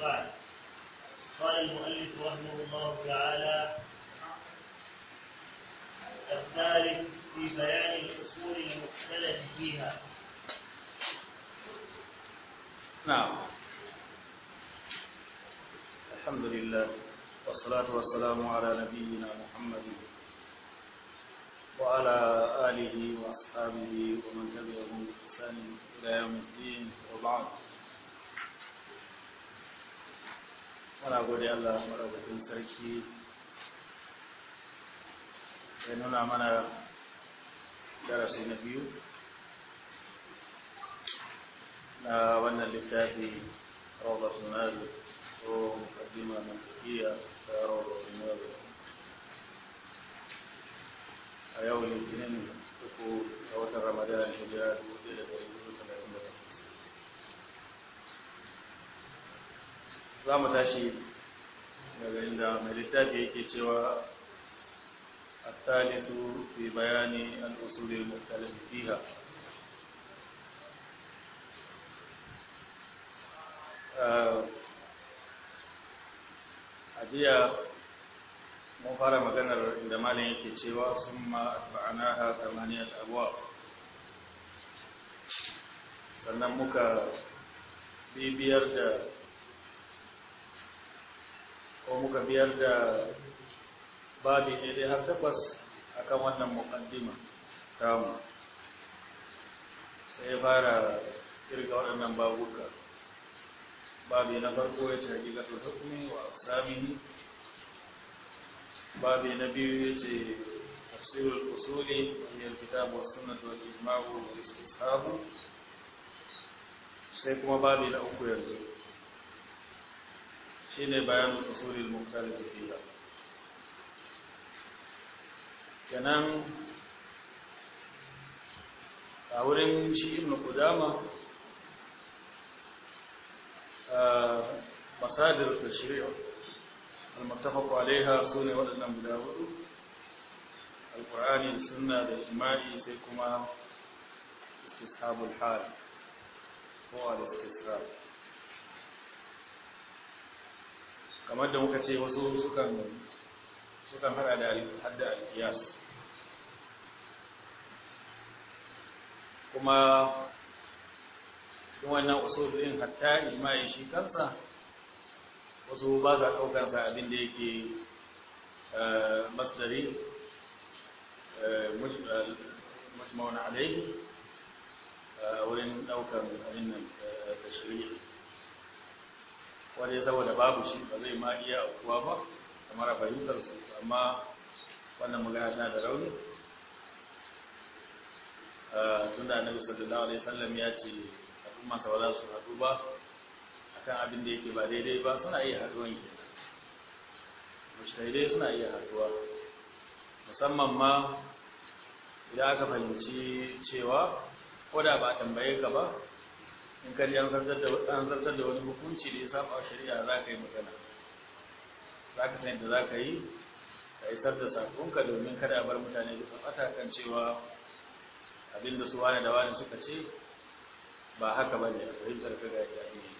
بعد قال المؤلف رحمه الله تعالى الثالث في بيان الأصول المختلف فيها نعم الحمد لله والصلاة والسلام على نبينا محمد وعلى آله وأصحابه ومن تبعهم بإحسان إلى يوم الدين وبعد muna gode Allah maɗaukakin sarki ya nuna mana darasi na biyu na wannan littafi rawar sunari ko mukaddima na tafiya ta rawar sunari a yau litinin uku a watan ramadan shekara 2023 za mu tashi daga inda mai littafi yake cewa a الثالث في bayani الأصول المختلف uh, a jiya mun fara maganar inda malin yake cewa sun ma'ana ha kamaniyar abuwa sannan muka bibiyar da ko muka biyar da babi ne dai har takwas kan wannan ta tamu sai fara kirga waɗannan babuka babi na farko ya ce ta kuma wa aqsamihi babi na biyu ya ce تفسير الأصول هي الكتاب والسنة sai kuma babi na uku yanzu shine bayanin usulul mukhtalif fiha kenan a wurin shi ibn qudama masadir tashri' al-muttafaq alaiha sune waɗannan guda hudu alqur'ani sunna da ijma'i sai kuma istishabul hal ko al-istishab kamar da muka ce wasu sukan hada da hadda alkiyas kuma cikin wannan usulin hatta ijma'i shi kansa wasu ba za ɗaukarsa abin da yake eh, masdari eh, alaihi alai eh, wurin ɗaukar abin nan wadai saboda babu shi ba zai ma iya kuwa ba kamar a fahimtar su amma wannan magana tana da rauni ah, tun da annabi sallallahu alaihi wasallam ya ce al'umma sa ba za su haɗu ba akan abin da yake ba daidai ba suna iya haɗuwan kenan mujtahidai suna iya haɗuwa musamman ma idan aka fahimci cewa ko da ba tambaye ka ba in ka ji an zartar da wani hukunci da ya samu a shari'a za ka yi magana za ka san da za ka yi ka isar da sakonka domin kada bar mutane da sun kan cewa abinda su wane da wane suka ce ba haka ba ne a fahimtar ka ga jami'i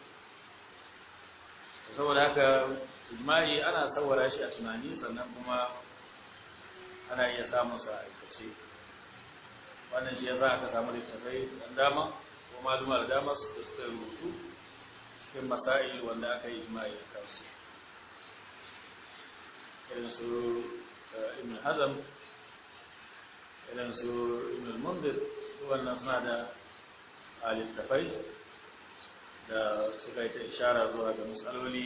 saboda haka ijma'i ana saurara shi a tunani sannan kuma ana iya samun sa aikace wannan shi yasa aka samu littafai dan dama maluma da dama su suka rubutu cikin masail wanda aka yi jima'i a kansu irin su eh, ibn hazam irin su ibn mundir wannan suna da littafai da suka yi ta ishara zuwa ga matsaloli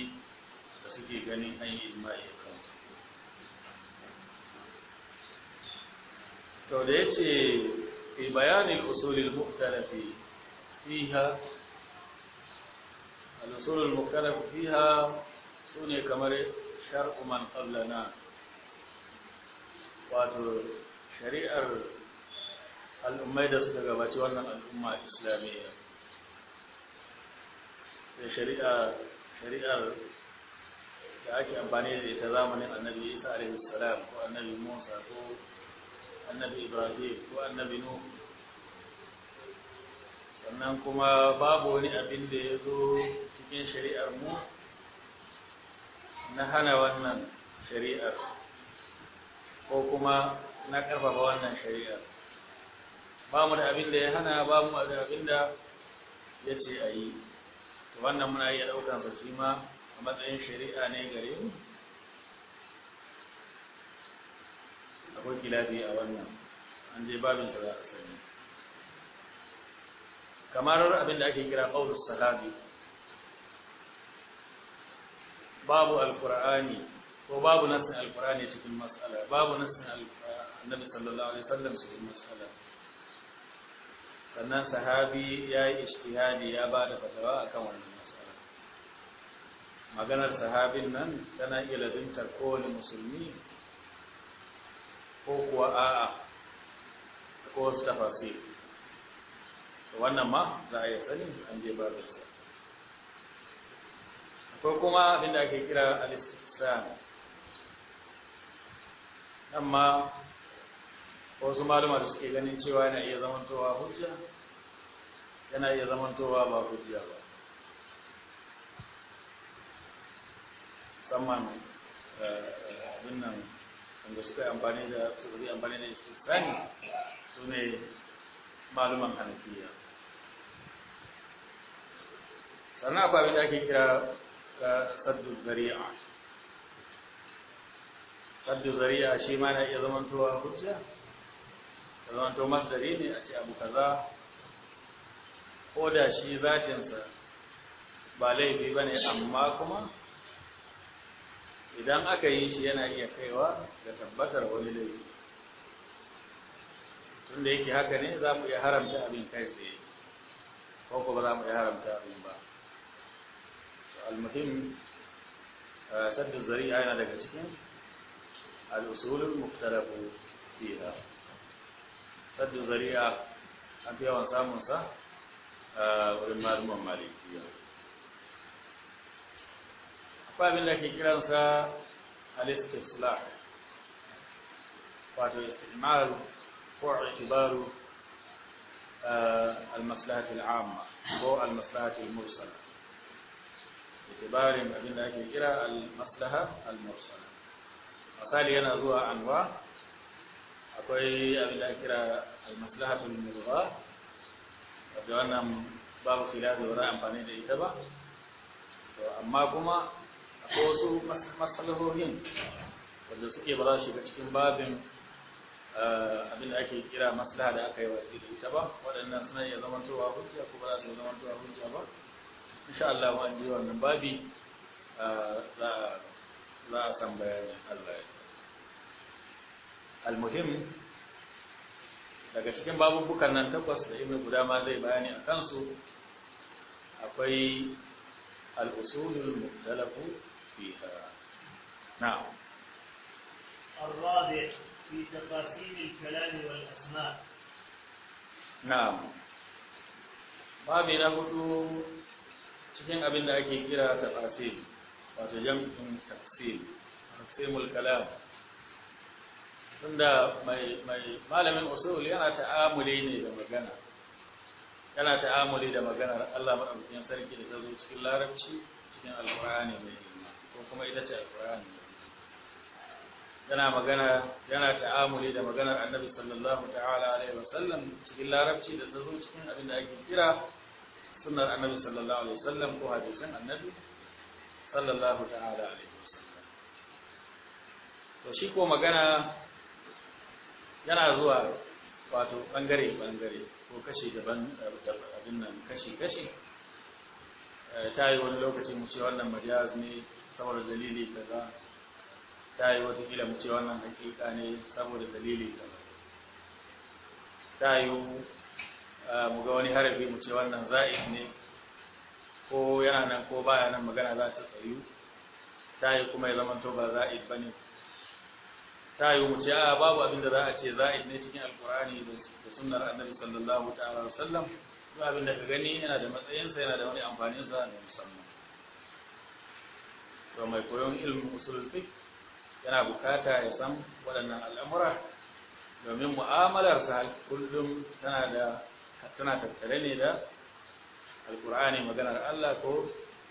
da suke ganin an yi jima'i a kansu to da ya ce fi bayanin usulil muhtarafi fiha al-usul fiha sune kamar shar'u man wato shari'ar al'ummai da suka gabaci wannan al'umma islamiyya da shari'a shari'ar da ake amfani da ita zamanin annabi isa alaihi salam ko annabi musa ko annabi ibrahim ko annabi nuhu sannan kuma babu wani abin da ya zo cikin shari'ar mu na hana wannan shari'ar ko kuma na ƙarfafa wannan shari'ar ba mu da abin da ya hana ba mu da abin da ya ce a yi to wannan muna iya ɗaukansa shi ma a matsayin shari'a ne gare mu akwai kilafi a wannan an je babinsa za a sani kamar abin da ake kira qaulus sahabi babu alqur'ani ko babu nassin alqur'ani cikin mas'ala babu nassin annabi sallallahu alaihi sallam cikin mas'ala sannan sahabi ya yi ijtihadi ya ba da fatawa akan wannan mas'ala maganar sahabin nan tana iya lazimta kowane musulmi ko kuwa a'a ko wasu tafasiri wannan ma za a iya sani an je su ko kuma da ake kira al-istifsan amma wasu malama da suke ganin cewa yana iya zamantowa hujja yana iya zamantowa ba hujja ba musamman eh, abin nan wanda suka yi amfani da suka amfani da istifsani su ne maluman hanafiya sannan akwai abin da ake kira saddu zari'a saddu zari'a shi ma na iya zamantowa hujja da zamanto masdari ne a ce abu kaza ko da shi zatinsa ba laifi ba ne amma kuma idan aka yi shi yana iya kaiwa da tabbatar wani laifi tunda yake haka ne za mu iya haramta abin kai tsaye ko ko ba za mu iya haramta abin ba al-muhim eh, saddu zari'a yana daga cikin al-usulul muftalafu fiha saddu zari'a an fi yawan samun sa eh, wurin maluman malikiya akwai abin da ke kiransa al-istislah wato istimar ko i'tibaru al-maslahat ko al-maslahat al-mursala i'tibarin abin da ake kira al-maslaha al yana zuwa anwa akwai abin da ake kira al-maslahat al-murgha wanda babu khilafi amfani da ita ba amma kuma akwai wasu maslahohin wanda suke ba shiga cikin babin Eh, abin da ake kira maslaha da aka yi wasi da ita ba waɗannan suna iya towa hujja ko ba za su towa hujja ba insha Allah ma ji wannan babi eh, za a san bayani Allah ya almuhim daga cikin babubukan nan takwas da ibn guda ma zai bayani a kansu akwai al-usulul muhtalafu fiha na'am الرابع في تفاصيل الكلام والأسماء نعم babi na hudu cikin abin da ake kira tafasil wato jam'in tafsil taqsimul kalam tunda mai mai malamin usul yana ta'amuli ne da magana yana ta'amuli da maganar Allah madaukakin sarki da ta zo cikin larabci cikin alqur'ani mai girma ko kuma ita ce alqur'ani yana magana yana ta'amuli da maganar annabi sallallahu ta'ala alaihi wasallam cikin larabci da zazo cikin abin da ake kira sunnar annabi sallallahu alaihi wasallam ko hadisin annabi sallallahu ta'ala alaihi wasallam to shi ko magana yana zuwa wato bangare bangare ko kashi daban abin nan kashi kashi eh, ta yi wani lokaci mu ce wannan majaz ne saboda dalili kaza ta yi watakila mu ce wannan hakika ne saboda dalili ka ta yi mu ga wani harafi mu ce wannan za'id ne ko yana nan ko baya nan magana za ta tsayu ta yi kuma ya zama to ba za'id ba ne ta yi mu ce a babu abinda za a ce za'id ne cikin alkurani da sunar annabi sallallahu ta'ala wasallam duk abin da ka gani yana da matsayinsa yana da wani amfaninsa na musamman to mai koyon ilmin usulul fiqh yana bukata ya san waɗannan al'amura domin mu'amalarsa kullum tana da tana tattare ne da alkur'ani maganar Allah ko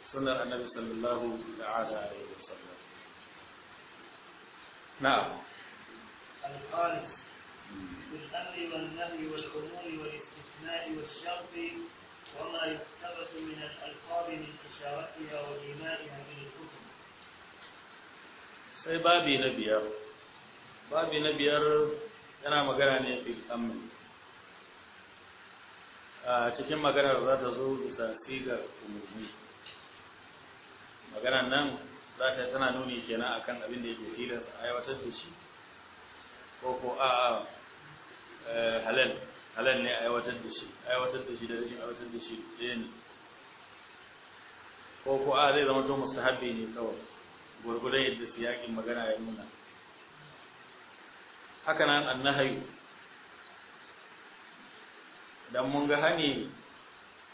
sunnar annabi sallallahu ta'ala alaihi wasallam na'am al-khalis bil amri wal nahyi wal umuri wal istithna'i wal sharti وما يقتبس من الألفاظ من إشارتها وإيمانها من الحكم sai babi na biyar babi na biyar yana magana ne fi amri a cikin maganar za ta zo bisa sigar umarni maganar nan za ta tana nuni kenan akan abin da ya ke a aiwatar da shi ko ko a eh, halal halal ne aiwatar da shi aiwatar da shi da rashin aiwatar da shi ɗaya ne ko ko a zai zama to mustahabbi ne kawai gwargwadon yadda siyakin magana ya nuna haka nan annahayu Don mun ga hani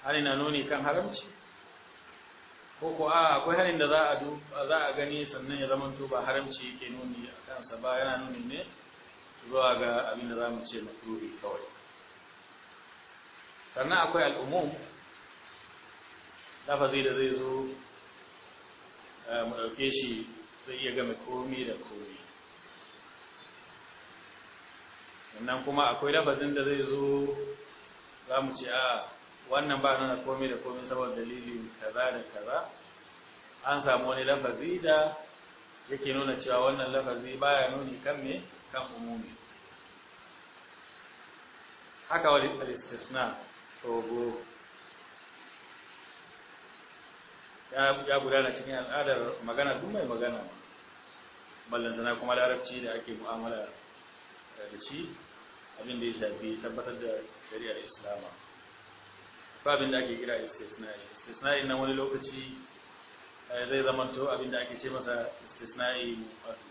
hani na nuni kan haramci ko ko a akwai hanin da za a gani sannan ya zama ba haramci ke nuni a kansa ba yana nuni ne zuwa ga abin da mu ce makruhi kawai sannan akwai al'umum lafazi da zai zo Eh, mu ɗauke shi zai iya game komi da komi sannan kuma akwai labazin da zai zo za mu ce a wannan ba na komi da komi saboda dalilin kaza da kaza an samu wani lafazi da yake nuna cewa wannan lafazi baya nuni kan me kan umumi haka wani alistisna togo ya gudana cikin al'adar magana duk mai magana ballantana kuma larabci da ake mu'amala eh, da shi abin da ya shafi tabbatar da shari'ar islama ba abin da ake kira istisna'i istisna'i na wani lokaci eh, zai to abin da ake ce masa istisna'i mu'adu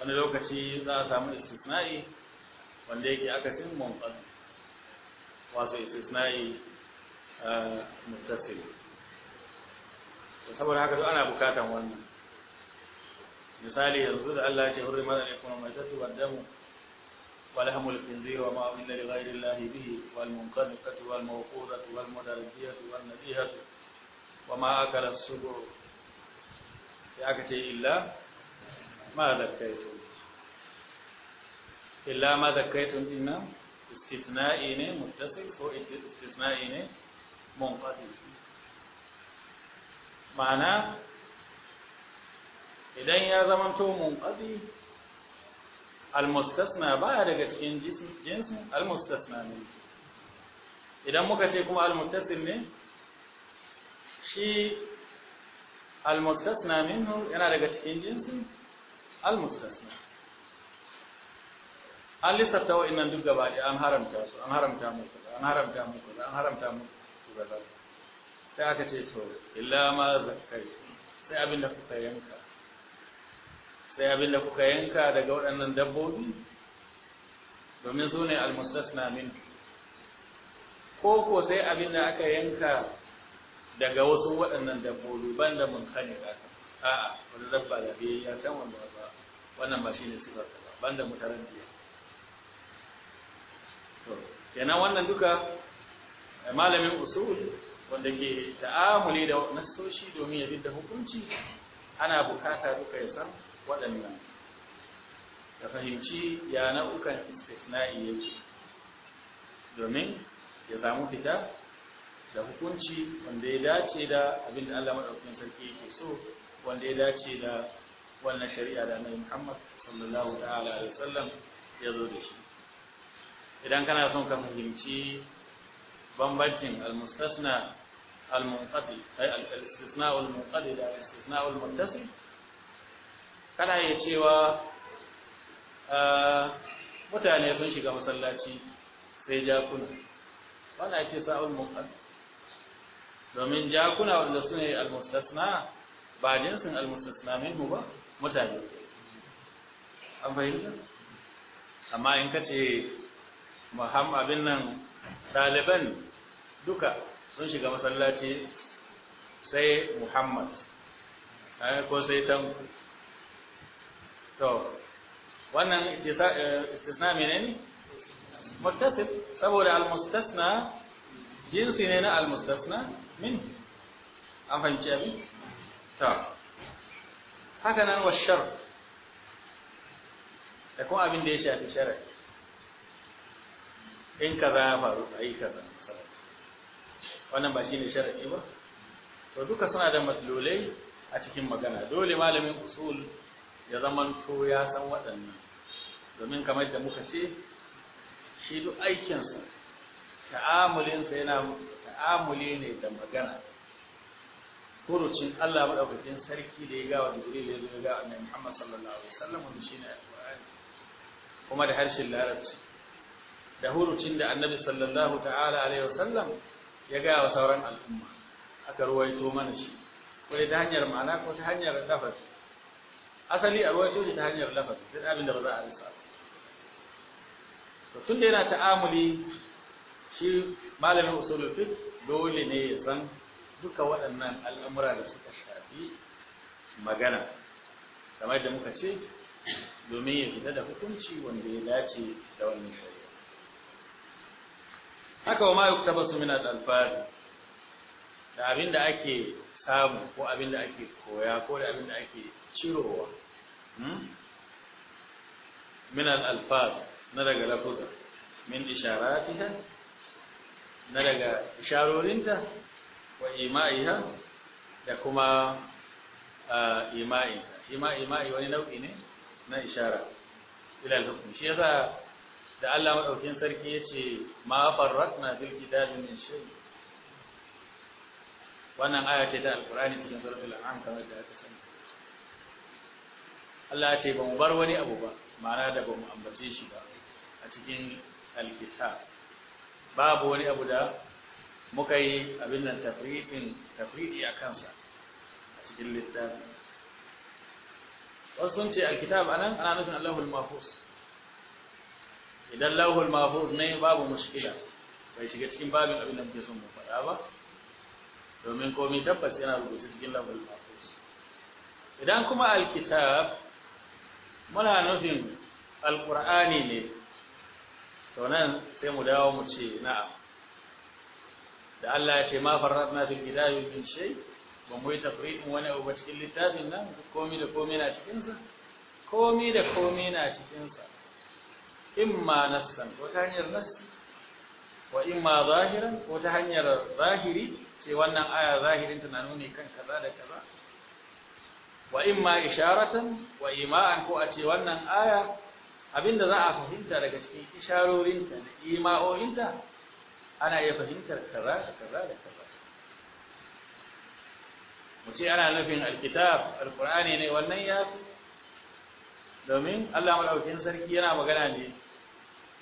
wani lokaci za a samu istisna'i wanda yake akasin mu'adu wasu istisna'i mutasir saboda haka to ana bukatan wannan misali yanzu da Allah ya ce hurri mana ne kuma mai zatu baddamu wal hamul khinzir wa ma amilla li ghayri llahi bihi wal munqadatu wal mawqudatu wal mudarrijatu wal nadihatu wa ma akala as-subu sai aka ce illa ma zakkaitu illa ma zakkaitu dinna istithna'i ne muttasil so istithna'i ne munqati ma'ana idan ya zama zamanto munqati almustasna baya daga cikin jinsin almustasna ne idan muka ce kuma almuttasil ne shi almustasna minhu yana daga cikin jinsin almustasna an lissafta wa'annan duk gaba an haramta su an haramta mu an haramta mu an haramta musu sai aka ce to illa ma zakaitu sai abinda kuka yanka sai abinda kuka yanka daga waɗannan dabbobi domin su ne almustasna min ko ko sai abinda aka yanka daga wasu waɗannan dabbobi ban da mun kane ba a'a wani dabba da biye ya can wanda ba wannan ba shine sifar ba ban da mutaran biya to kenan wannan duka malamin usul wanda ke ta'amuli da nassoshi domin ya bidda hukunci ana bukata duka ya san waɗannan Da fahimci ya nau'ukan istisna'i yake domin ya samu fita da hukunci wanda ya dace da abinda Allah madaukakin sarki yake so wanda ya dace da wannan shari'a da Annabi Muhammad sallallahu ta'ala alaihi wasallam ya zo da shi idan kana son ka fahimci bambancin al-mustasna al-munqati ay al-istisna al-munqati da al-istisna al-muttasil kana iya cewa mutane sun shiga masallaci sai jakuna wannan ya ce sa'ul munqati domin jakuna wanda su ne al-mustasna ba jinsin al-mustasna minhu ba mutane an fahimta amma in ka ce nan ɗaliban duka sun shiga masallaci sai muhammad eh, ko sai tanku to wannan eh, istisna mene ne mustasif saboda almustasna jinsi ne na almustasna min an fahimci abin To haka nan wa shar da kuma abin da ya shafi shari'a in ka kaza ya faru a yi kaza wannan ba shi ne sharaɗi ba to duka suna da matlolai a cikin magana dole malamin usul ya to ya san waɗannan domin kamar da muka ce shi duk aikinsa ta'amulinsa yana ta'amuli ne da magana kurucin Allah maɗaukakin sarki da ya gawa Jibril ya zo ya ga Annabi Muhammad sallallahu alaihi wasallam shi ne alƙur'ani kuma da harshen Larabci da hurucin da annabi sallallahu ta'ala alaihi wasallam ya gaya wa sauran al'umma aka ruwaito mana shi ko ta hanyar ma'ana ko ta hanyar lafazi asali a ruwaito shi ta hanyar lafazi sai abin da ba za a rasa to tun da yana ta'amuli shi malamin usulul fiqh dole ne ya san duka waɗannan al'amura da suka shafi magana kamar da muka ce domin ya fita da hukunci wanda ya dace da wannan shari'a haka wa ma yuktabasu min al-alfaz da abinda ake samu ko abinda ake koya ko da abinda ake cirowa hmm? min al-alfaz na daga lafuza min isharatiha na daga isharorinta wa ima'iha da kuma ima'inta shi ma ima'i wani nau'i ne na ishara ilal al-hukm shi yasa da Allah maɗaukin sarki yace ma farratna fil kitabi min shay wannan aya ce ta alqur'ani cikin suratul la'an kamar da aka sani Allah ce ba mu bar wani abu ba ma'ana da ba mu ambace shi ba a cikin alkitab babu wani abu da muka yi abin nan tafriqin tafriqi a kansa a cikin littafi wasu sun ce alkitab nan ana nufin Allahul Mahfuz idan lauhul mahfuz ne babu mushkila bai shiga cikin babin abin da muke son mu faɗa ba domin komai tabbas yana rubuce cikin lauhul mahfuz idan kuma alkitab muna nufin alqur'ani ne to nan sai mu dawo mu ce na'am da Allah ya ce ma farratna fil kitabi min shay ba mu yi tafridin wani abu ba cikin littafin nan komai da komai na cikinsa? komai da komai na cikinsa. imma nassan ko ta hanyar nassi wa imma zahiran ko ta hanyar zahiri ce wannan aya zahirin tana nuni kan kaza da kaza wa imma isharatan wa ima'an ko a ce wannan aya abinda za a fahimta daga cikin isharorinta da ima'o'inta ana iya fahimtar kaza da kaza da kaza mu ce ana nufin alkitab alkur'ani ne wannan ya domin Allah malaukin sarki yana magana ne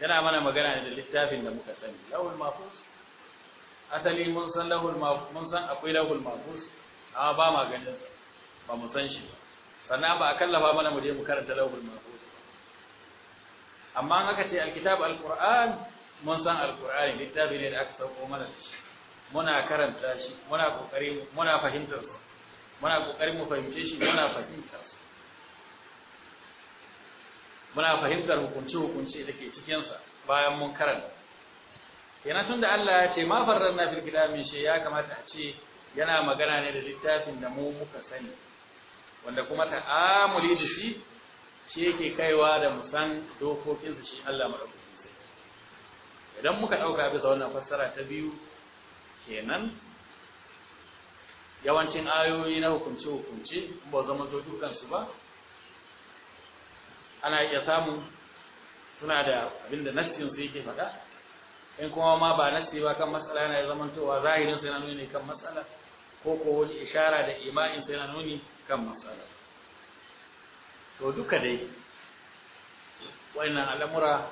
yana mana magana da littafin da muka sani lahul mahfuz asali mun san lahul mun san akwai lahul mahfuz amma ba ma ganin sa ba mu san shi sannan ba a kallafa mana mu je mu karanta lahul mahfuz amma an aka ce alkitab alquran mun san alqur'ani littafi ne da aka sauko mana da shi muna karanta shi muna kokari muna fahimtar sa muna kokarin mu fahimce shi muna fahimtar sa muna fahimtar hukunce-hukunce da ke cikinsa bayan mun karanta kenan da Allah ya ce ma na firgida kitabi shi ya kamata a ce yana magana ne da littafin da mu muka sani wanda kuma ta'amuli da shi shi yake kaiwa da musan dokokinsa shi Allah sai idan muka ɗauka bisa wannan fassara ta biyu kenan yawancin ayoyi na hukunce-hukunce ba zama zo dukansu ba ana iya samu suna da abinda nassin su yake faɗa in kuma ma ba nassi ba kan matsala yana zamantowa zahirin sai na nuni kan matsala ko ko wani ishara da imanin sai na nuni kan matsala so duka dai wannan al'amura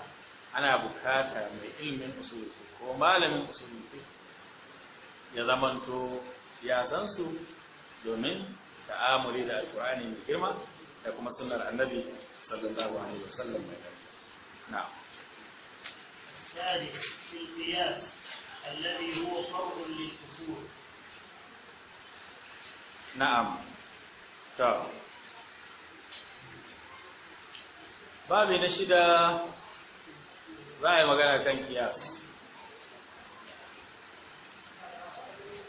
ana bukata mai ilimin usul ko malamin usul ya zamanto ya san su domin ta'amuri da alkur'ani mai girma da kuma sunnar annabi na'am الثالث في القياس الذي هو babi na shida za a yi magana kan kiyas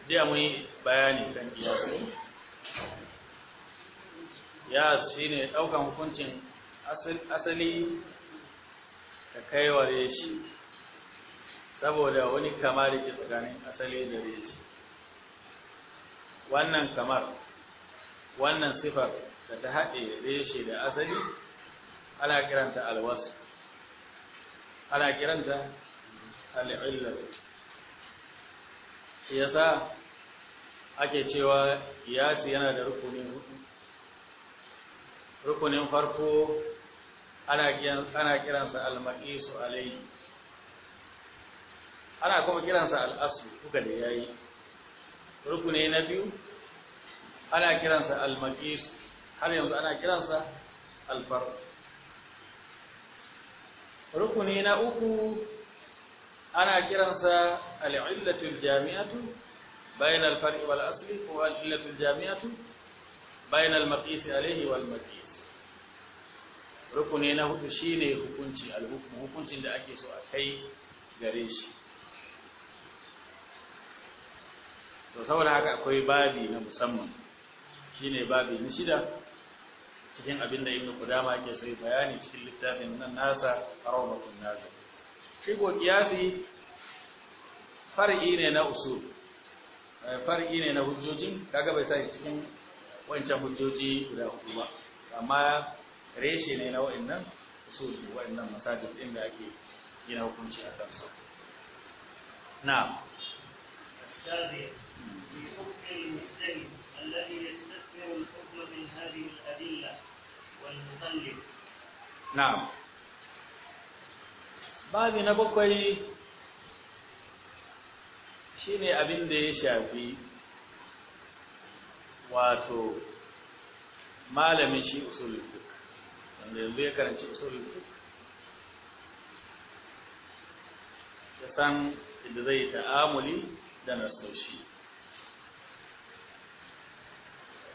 jiya mun yi bayani kan kiyas kiyas shine ɗaukan hukuncin asali ka kaiware shi saboda wani kama ke tsakanin asali da reshi wannan kamar wannan sifar da ta haɗe reshe da asali ana kiranta alwasu ana kiranta al'illar yasa ake cewa yasi yana da rukunin hudu rukunin farko ana kiransa alma'isu alaihi ana kuma kiransa al'asu duka da ya rukuni na biyu ana kiransa alma'isu har yanzu ana kiransa alfar rukuni na uku ana kiransa al'illatul jami'atu bayan alfar'i wal asli ko al'illatul jami'atu bayan almaƙisi alaihi wal maƙisi rukuni na hudu shine hukunci alhukum hukuncin da ake so a kai gare shi to saboda haka akwai babi na musamman shine babi na shida cikin abin da ibnu kudama yake sai bayani cikin littafin nan nasa rawatun nasa shi go kiyasi far'i ne na usul eh, far'i ne na hujjojin kaga bai sa shi cikin wancan hujjoji guda hudu ba amma reshe ne na wa'annan usul wa'annan masajid din da ake gina hukunci a kansu na'am babi na bakwai shine abin da ya shafi wato malamin shi usulul fiqh wanda yanzu ya karanci usul ya san inda zai ta'amuli da nasoshi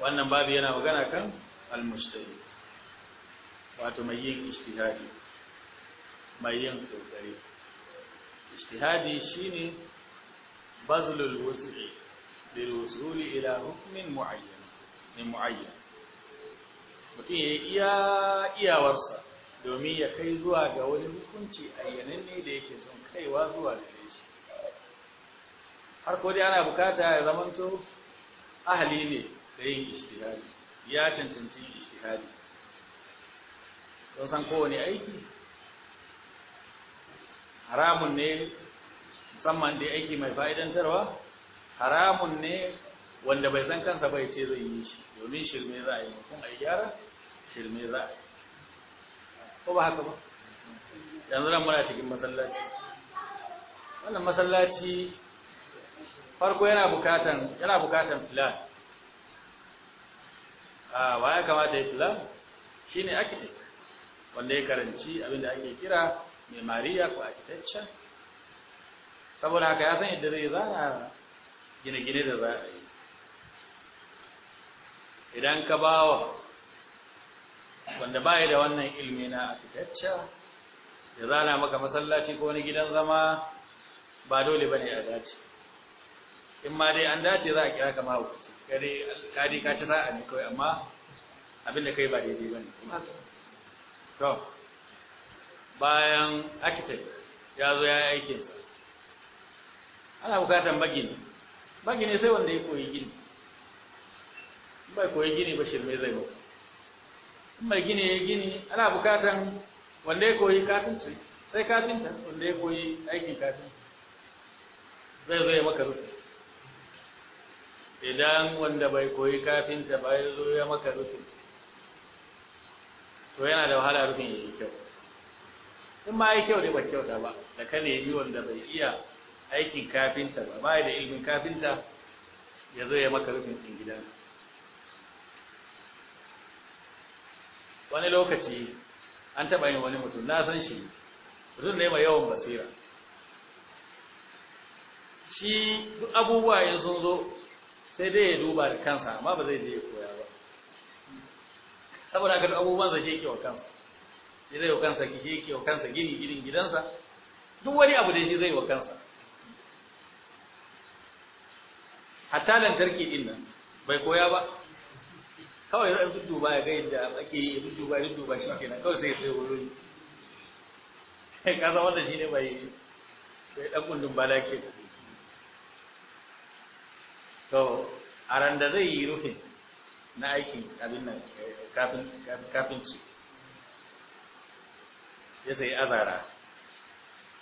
wannan babu yana magana kan al-mujtahid wato mai yin ijtihadi mai yin kokari ijtihadi shine bazlul wus'i lil wusuli ila hukmin muayyan min muayyan mutum ya iya iyawarsa domin ya kai zuwa ga wani hukunci ne da yake son kaiwa zuwa da shi har ko dai ana bukata ya zamanto ahali ne da yin ishtihadi ya cancanci ishtihadi don san kowane aiki haramun ne musamman dai aiki mai fa'idantarwa haramun ne wanda bai san kansa bai ce zai yi shi domin shirme za a yi mutum a yi gyara ko ba haka ba yanzu nan muna cikin masallaci wannan masallaci farko yana bukatan yana bukatan plan a ba ya kamata ya plan shine architect wanda ya karanci abinda ake kira mai mariya ko architecture saboda haka ya san yadda zai zana gine-gine da za a yi idan ka bawa wanda ba da wannan ilmi na akitacca da zana maka masallaci ko wani gidan zama ba dole ba ne a dace in ma dai an dace za a kira ka mahaukaci kare kadi ka ci a ne kawai amma abin da kai ba daidai ba ne. to bayan architect ya zo ya yi aikinsa ana bukatan bagini bagini sai wanda ya koyi gini bai koyi gini ba shirme zai ba mai gini ya gini ana bukatan wanda ya koyi katinci sai kafinta wanda ya koyi aikin katinci zai zai maka rufi idan wanda bai koyi kafinta ba ya zo ya maka rufi to yana da wahala rufin ya yi kyau in ma yi kyau ne ba kyauta ba da ka yi wanda bai iya aikin kafinta ba ba da ilimin kafinta ya zo ya maka rufin ɗin gidanka wani lokaci an taɓa yin wani mutum na san shi mutum ne mai yawan basira shi duk abubuwa yin sun zo sai dai ya duba da kansa amma ba zai je ya koya ba saboda haka abubuwan zai shi wa kansa shi zai wa kansa shi yake wa kansa gini ginin gidansa duk wani abu da shi zai wa kansa hatta lantarki din nan bai koya ba kawai ya dudduba ya ga yadda ake yi dudduba ya dudduba shi kenan kawai sai sai wurin kasa wanda shi ne bai ɗan kundin bala ke to a ran da zai yi rufin na aikin abin nan eh, kafinci ya sai azara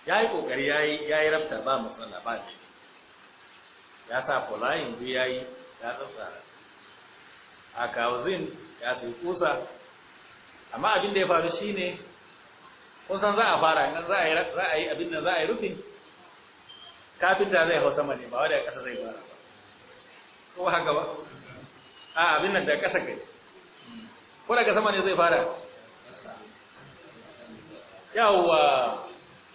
ya yi ƙoƙari ya yi rafta ba matsala ba ne ya sa fulayin duk ya yi ya tsatsara a kawuzin ya sai kusa amma abin da ya faru shine ne kusan za a fara nan za a yi abin da za a yi rufin kafinta zai hau sama ne ba wanda kasa zai fara ba ko ba haka ba a abin nan da kasa kai ko daga sama ne zai fara yawwa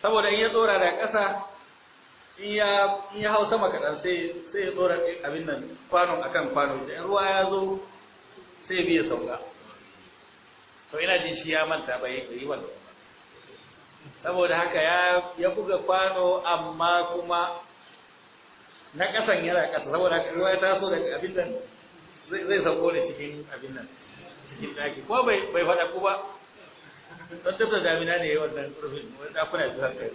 saboda in ya tsora da kasa in ya hau sama kaɗan sai ya tsora abin nan kwanon akan kwano da ruwa ya zo sai biya sauka to ina jin shi ya manta bai yi wannan saboda haka ya ya buga kwano amma kuma na kasan yana kasa saboda haka ruwa ya taso daga abin nan zai sauko ne cikin abin nan cikin daki ko bai bai fada ku ba don tabbata damina ne wannan rufin wani dakuna biyu kai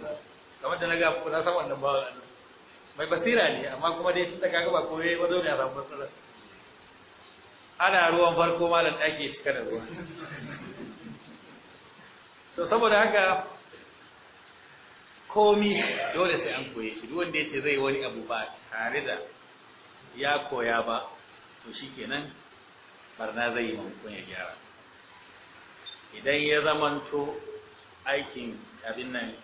kamar da na ga na san wannan bawan mai basira ne amma kuma dai tun da kaga ba koyi wazo ne a samu matsalar ana ruwan farko malam ɗaki cika da ruwa to saboda haka komi dole sai an koye shi duk wanda ya ce zai wani abu ba tare da ya koya ba to shi kenan barna zai yi mamakon ya gyara idan ya zamanto aikin abin nan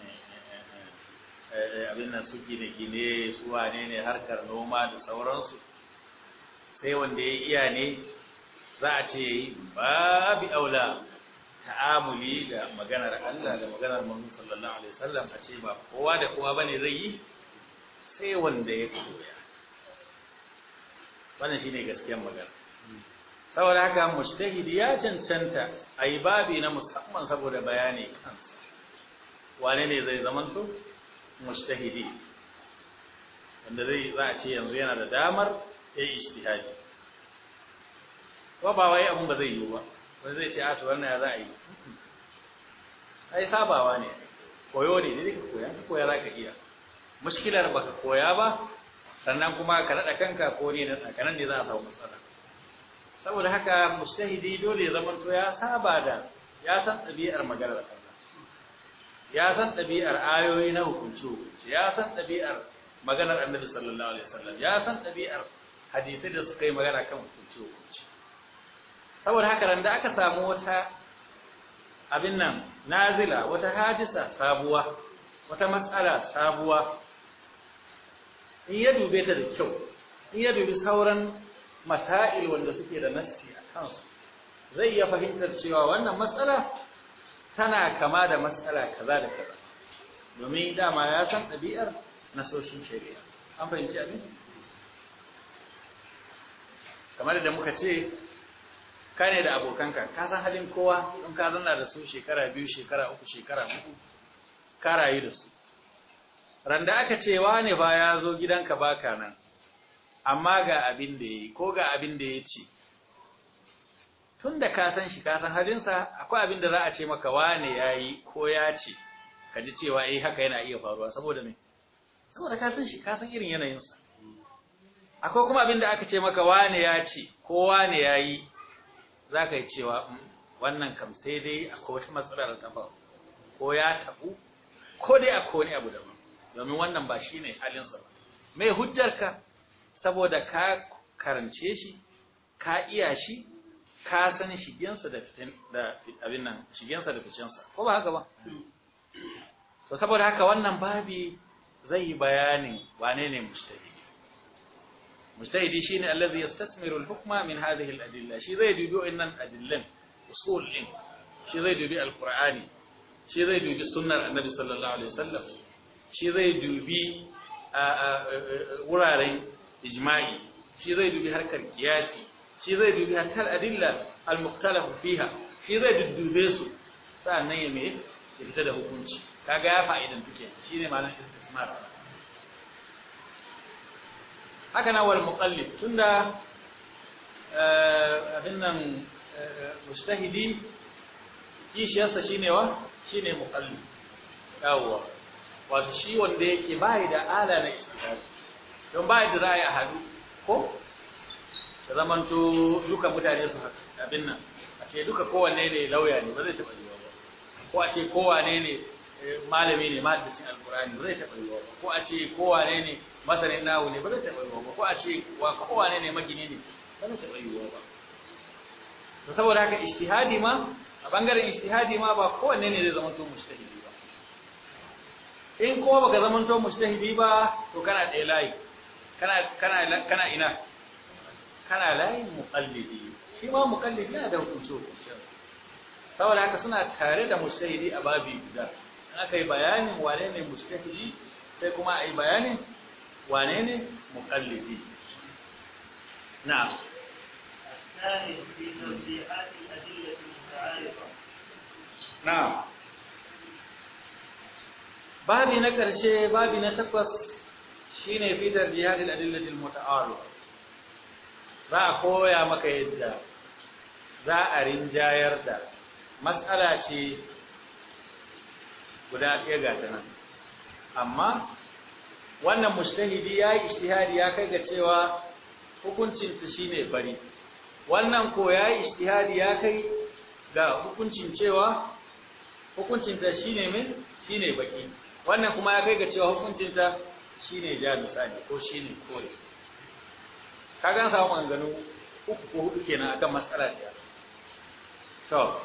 abin nan su gine-gine su wane ne harkar noma da sauransu sai wanda ya iya ne za a ce yayi babu aula ta'amuli da maganar Allah da maganar Muhammad sallallahu alaihi wasallam a ce ba kowa da kowa bane zai yi sai wanda ya koya wannan shine gaskiyar magana saboda haka mujtahidi ya cancanta ai babi na musamman saboda bayani kansa wane ne zai zamanto mujtahidi wanda zai za a ce yanzu yana da damar ya yi ijtihadi ba ba wai abin ba zai yiwu ba wani zai ce a tuwar na ya za a yi ai sabawa ne koyo ne ne ka koya ka koya za ka iya Mushkilar ba ka koya ba sannan kuma ka naɗa kanka ko ne na tsakanin da za a samu matsala saboda haka mustahidi dole ya to ya saba da ya san ɗabi'ar maganar Allah ya san ɗabi'ar ayoyi na hukunci hukunci ya san ɗabi'ar maganar annabi sallallahu alaihi wasallam ya san ɗabi'ar hadisai da suka yi magana kan hukunci hukunci saboda haka randa aka samu wata abin nan nazila wata hadisa sabuwa wata matsala sabuwa in ya dube ta da kyau in ya dubi sauran masail wanda suke da nassi a kansu zai iya fahimtar cewa wannan matsala tana kama da matsala kaza da kaza domin dama ya san ɗabi'ar nasoshin shari'a an fahimci abin kamar da muka ce ka ne da abokanka ka san halin kowa in ka zanna da su shekara biyu shekara uku shekara uku ka rayu da su randa aka ce wane ba ya zo gidanka baka nan amma ga abin da yayi ko ga abin da ya ce tun da ka san shi ka san halinsa akwai abin da za a ce maka wane yayi ko ya ce ka ji cewa eh haka yana iya faruwa saboda me saboda ka san shi ka san irin yanayinsa akwai kuma abin da aka ce maka wane ya ce ko wane yayi za ka yi cewa mm, wannan kam sai dai akwai wata matsalar ta ko ya tabu ko dai akwai wani abu daban domin wannan ba shi ne halinsa ba mai hujjarka saboda ka karance shi ka iya shi ka san shigensa da fitin da abin nan shigensa da ficensa ko ba haka ba to saboda haka wannan babi zai yi bayanin wane ne mujtahid mujtahidi shine allazi yastasmiru al-hukma min hadhihi al-adilla shi zai dubi wannan adillan usul din shi zai dubi al-qur'ani shi zai dubi sunnar annabi sallallahu alaihi wasallam shi zai dubi wuraren ijma'i shi zai dubi harkar kiyasi shi zai dubi harkar adilla al-muqtalafu fiha shi zai dudube su sa'annan ya me ya fita da hukunci kaga ya fa'idan take shine malam istismar haka na wal muqallid tunda eh, abin nan eh, mustahidi kishiyarsa shine wa shine muqallid yawa wato shi wanda yake bai da ala na istihadi don bai da ra'ayi a hadu ko zaman to duka mutane su abin nan a ce duka kowanne ne lauya ne ba zai taba ba ko a ce kowanne ne malami ne mahaddacin alkurani ba zai taɓa yiwa ba ko a ce wane ne masanin nawo ne ba zai taɓa yiwa ba ko a ce kowane ne magini ne ba zai taɓa yiwa ba to saboda haka ijtihadi ma a bangaren ijtihadi ma ba kowanne ne zai zamanto mujtahidi ba in kuma baka zamanto mujtahidi ba to kana ɗaya layi kana kana kana ina kana layin muqallidi shi ma muqallidi yana da hukunci hukuncinsa saboda haka suna tare da mujtahidi a babi guda aka yi bayanin wane ne mustahidi sai kuma a yi bayanin wane ne mukallidi na na babi na karshe babi na takwas shine fitar jihadin adillatil mutu'aru za a koya maka yadda za a rinjayar da matsala ce guda ɗaya ga ta nan amma wannan mustahidi ya yi ijtihadi ya kai ga cewa hukuncin ta shine bari wannan ko ya yi ijtihadi ya kai ga hukuncin cewa hukuncin ta shine min shine baki wannan kuma ya kai ga cewa hukuncin ta shine ja misali ko shine kore ka gan samu maganganu uku ko hudu kenan akan matsalar ya to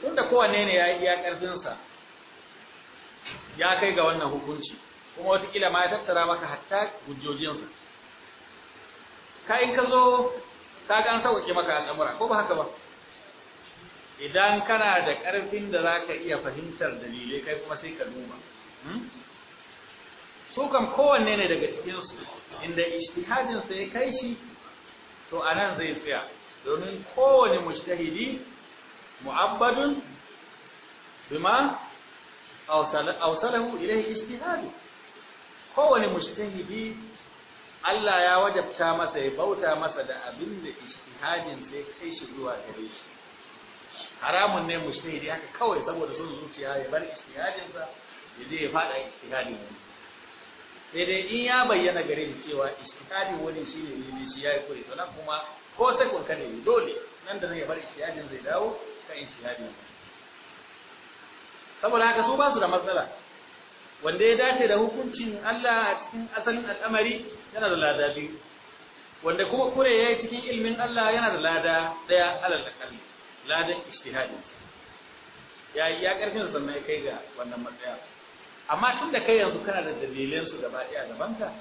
tunda kowanne ne ya yi iya ƙarfinsa ya kai ga wannan hukunci kuma kila ma ya tattara maka hatta hujjojinsa ka in ka zo ka ga an maka al'amura ko ba haka ba idan kana da ƙarfin da za ka iya fahimtar dalilai kai kuma sai ka duba hmm? su kam kowanne ne daga cikinsu inda ishtihadinsa ya kai shi to a nan zai tsaya domin kowane mujtahidi mu'abbadun bima awsalahu ilayhi ijtihadu kowane mustahidi Allah ya wajabta masa ya bauta masa da abin da ijtihadin sai kai shi zuwa gare shi haramun ne mujtahidi haka kawai saboda son zuciya ya bar ijtihadin sa ya je ya fada ijtihadin sai dai in ya bayyana gare shi cewa ijtihadin wani shine ne shi yayi kure to nan kuma ko sai kun kane dole nan da zai bar ijtihadin zai dawo kan ijtihadin saboda haka su ba su da matsala wanda ya dace da hukuncin Allah a cikin asalin al'amari yana da lada biyu wanda kuma kure ya yi cikin ilmin Allah yana da lada ɗaya alal kalli ladan ijtihadinsa ya ya karfin sannan ya kai ga wannan matsaya amma tun da kai yanzu kana da dalilan su gaba ɗaya gaban ka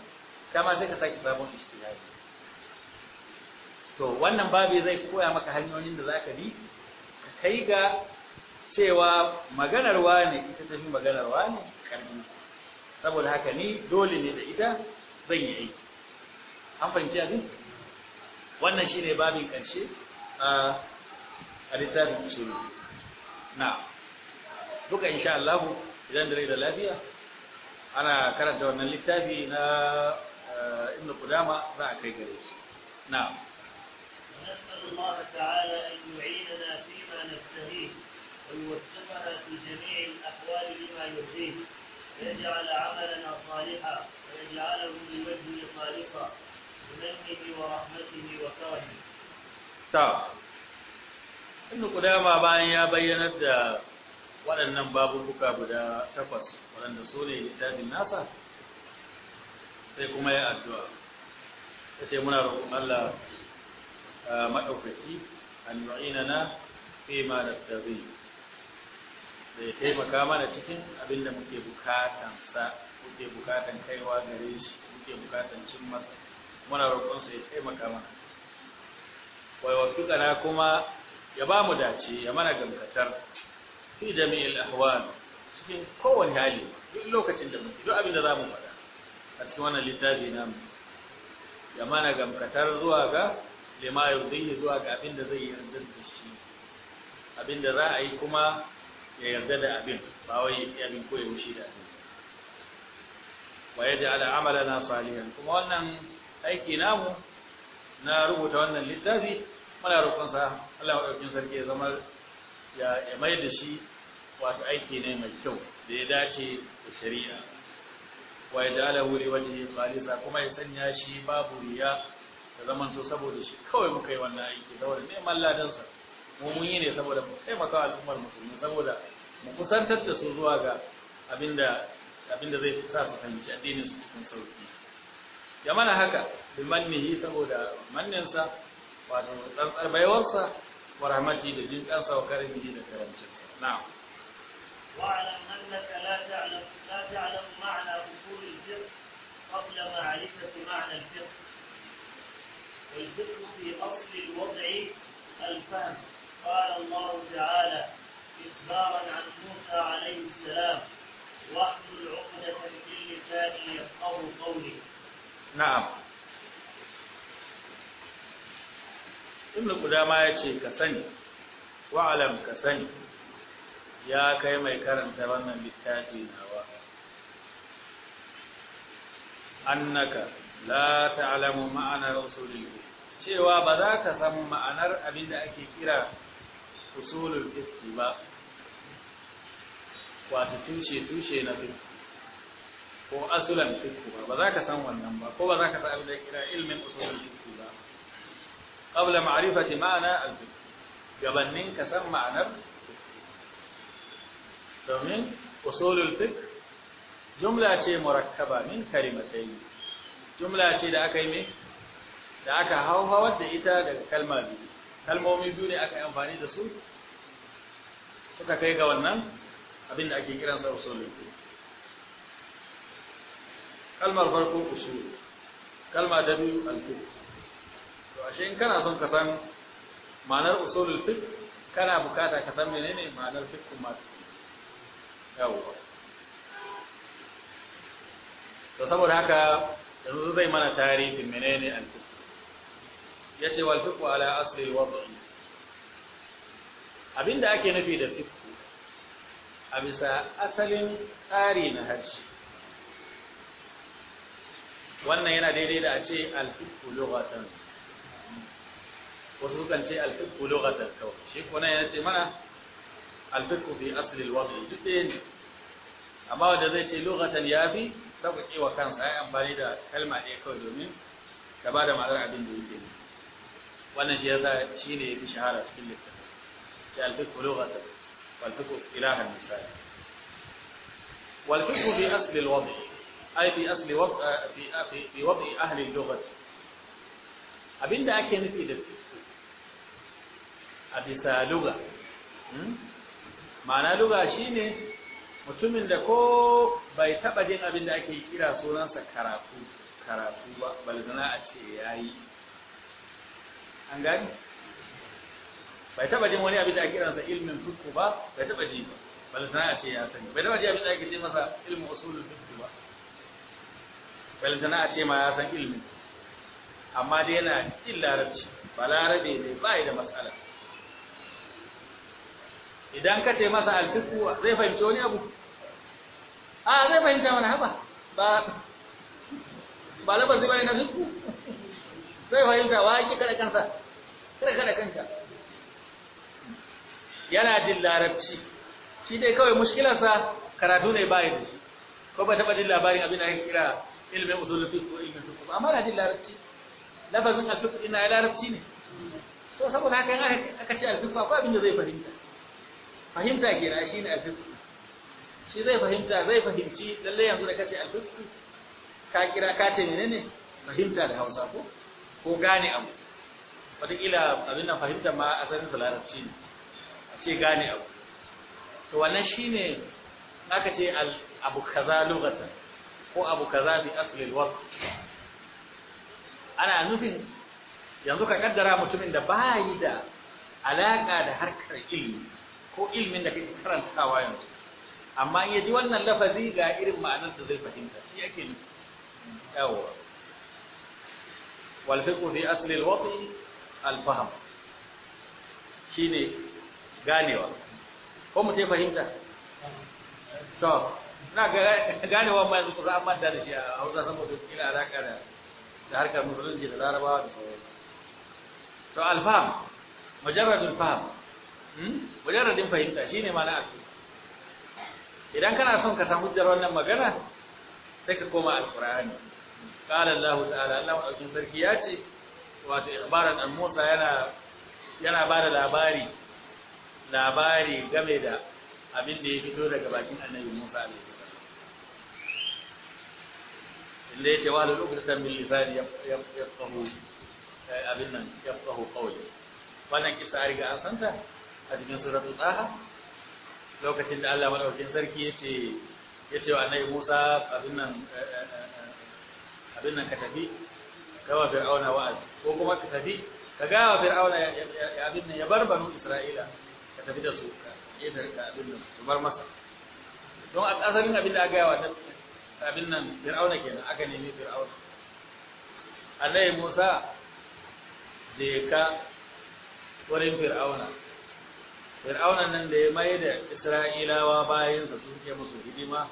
dama sai ka saki sabon ishtihadi to wannan babu zai koya maka hanyoyin da zaka bi ka kai ga cewa maganar wane ita tafi maganar wane karfi saboda haka ni dole ne da ita zan yi aiki an fahimci abin wannan shine babin karshe a a littafin usulu na duka insha allahu idan da rai da lafiya ana karanta wannan littafi na ibn Qudama za a kai gare shi na نسأل الله تعالى أن يعيننا فيما نبتغيه ويوفقنا في جميع الأحوال لما يرضيه ويجعل عملنا صالحا ويجعله لوجهه خالصا بمنه ورحمته وكرمه. طيب. Ibn Qudama bayan ya bayyanar da waɗannan babubuka guda takwas waɗanda su ne littafin nasa sai kuma ya addu'a. Ta ce muna roƙon Allah maɗaukaki an yu'inana fi ma naftari. da ya taimaka mana cikin abin da muke bukatansa muke bukatan kaiwa gare shi muke bukatan cin masa muna roƙonsa ya taimaka mana waiwafukana kuma ya ba mu dace ya mana gamkatar fi jami'il ahwal cikin kowane hali duk lokacin da muke duk abin da za mu faɗa a cikin wannan littafi namu ya mana gamkatar zuwa ga lima yurdihi zuwa ga abin da zai yarda da shi abin da za a yi kuma ya yarda da abin ba wai abin ko da abin wa ya na amalana salihan kuma wannan aiki namu na rubuta wannan littafi muna roƙon sa Allah sarki ya zama ya mai da shi wato aiki ne mai kyau da ya dace da shari'a wa ya wuri waje khalisa kuma ya sanya shi babu riya da zaman to saboda shi kawai muka yi wannan aiki saboda neman ladansa mu ne saboda mu taimaka al'ummar musulmi saboda mu kusantar da su zuwa ga abinda abinda zai sa su fahimci addinin su cikin sauki ya mana haka bi mannihi saboda mannin sa wato tsantsar sa wa rahmati da jin kan sa wa karimi da karancin sa na'am واعلم انك لا تعلم لا تعلم معنى اصول الفقه قبل معرفه معنى الفقه والفقه في اصل الوضع الفهم الله تعالى إخبارا عن موسى عليه السلام وحد العقدة في لساني يفقه قولي نعم ibn ya ka sani wa'alam ka sani ya kai mai karanta wannan littafi nawa annaka la cewa ba za ka san ma'anar abin da ake kira usulul fiqh ba wato tushe tushe na fiqh ko asulan fiqh ba ba za ka san wannan ba ko ba za ka san abin da kira ilmin usulul fiqh ba qabla ma'rifati ma'ana al-fiqh gabannin ka san ma'anar domin usulul fiqh jumla ce murakkaba min kalimatai jumla ce da aka yi me da aka hauhawar da ita daga kalma biyu kalmomi biyu ne aka yi amfani da su suka kai ga wannan abin da ake kiransa usulul fiqh kalmar farko usul kalma ta biyu al-fiqh to ashe in kana son ka san ma'anar usulul fiqh kana bukata ka san menene ma'anar fiqh ma yawa to saboda haka yanzu zai mana tarihin menene al-fiqh yace wal fiqhu ala asli wad'i abinda ake nufi da fiqhu a bisa asalin tsari na harshe wannan yana daidai da a ce alfiqhu lughatan wasu sukan ce alfiqhu lughatan kawai shi kuma yana ce mana alfiqhu fi asli alwadi duk ɗaya ne amma wadda zai ce ya fi sauƙaƙe wa kansa ya amfani da kalma ɗaya kawai domin ta ba da ma'anar abin da yake ne wannan shi yasa shine yafi shahara cikin littafin shi al-fiqh lughatan wal fiqh ilahan misali wal fiqh bi asli al-wad' ay bi asli wad' bi ah, bi ah, wad' ahli al-lughah abinda ake nufi da fiqh a bisa lugha hmm? ma'ana lugha shine mutumin da ko bai taba jin abinda ake kira sunansa karatu karatu ba balzana a ce yayi an gani bai taba jin wani abin da ake kiransa ilmin fiqh ba bai taba ji ba bal sana ce ya sani bai taba ji abin da ake ce masa ilmin usulul fiqh ba bal sana ce ma ya san ilmin amma dai yana jin larabci ba larabe ne ba da mas'ala idan ka ce masa alfiqh zai fahimci wani abu a zai fahimta wani haba ba ba labar zai bayyana na fiqh zai fahimta wa yake kada kansa kada kanka yana jin larabci shi dai kawai mushkilarsa karatu ne ba da shi ko ba taɓa jin labarin abin da ake kira ilimin usulul fiqh ko ilimin fiqh amma na jin larabci Lafafin alfiqh ina larabci ne so saboda haka aka ce alfiqh akwai abin da zai fahimta fahimta kenan shine alfiqh shi zai fahimta zai fahimci lalle yanzu da kace alfiqh ka kira ka ce menene fahimta da Hausa ko ko gane abu wataƙila abin nan fahimta ma a sanin larabci ne a ce gane abu to wannan shine aka ce abu kaza lugatan ko abu kaza bi asli alwaqt ana nufin yanzu ka kaddara mutumin da ba yi da alaƙa da harkar ilimi ko ilimin da kake karantawa yanzu amma in yaji wannan lafazi ga irin ma'anar da zai fahimta shi yake nufi yawa fi asli alwaqt alfaham shine ganewa ko mu ce fahimta to na ganewa ma yanzu kusa an manta da shi a hausa saboda kila alaka da da harkar musulunci da larabawa da sauran to alfaham mujarradul faham hmm? mujarradin fahimta shine na asu idan kana son ka san hujjar wannan magana sai ka koma alqur'ani qala allah ta'ala allah madaukin sarki ya ce wato ikhbaran an Musa yana yana bada labari labari game da abin da ya fito daga bakin Annabi Musa alaihi salam inda yace wa la luqatan min lisani yafqahu eh, abin nan yafqahu qawli wannan kisa a riga an santa a cikin suratul Taha lokacin da Allah madaukakin sarki yace yace wa Annabi Musa abin nan eh, eh, abin nan ka tafi kama fir'auna wa'azi ko kuma ka tafi ka ga wa fir'auna ya abin nan ya bar banu isra'ila ka tafi da su ka je da abin nan su bar masa don a asalin abin da aka yawa ta abin nan fir'auna kenan aka nemi fir'auna annabi Musa je ka wurin fir'auna Fir'auna nan da ya mai da isra'ilawa bayansa su suke musu hidima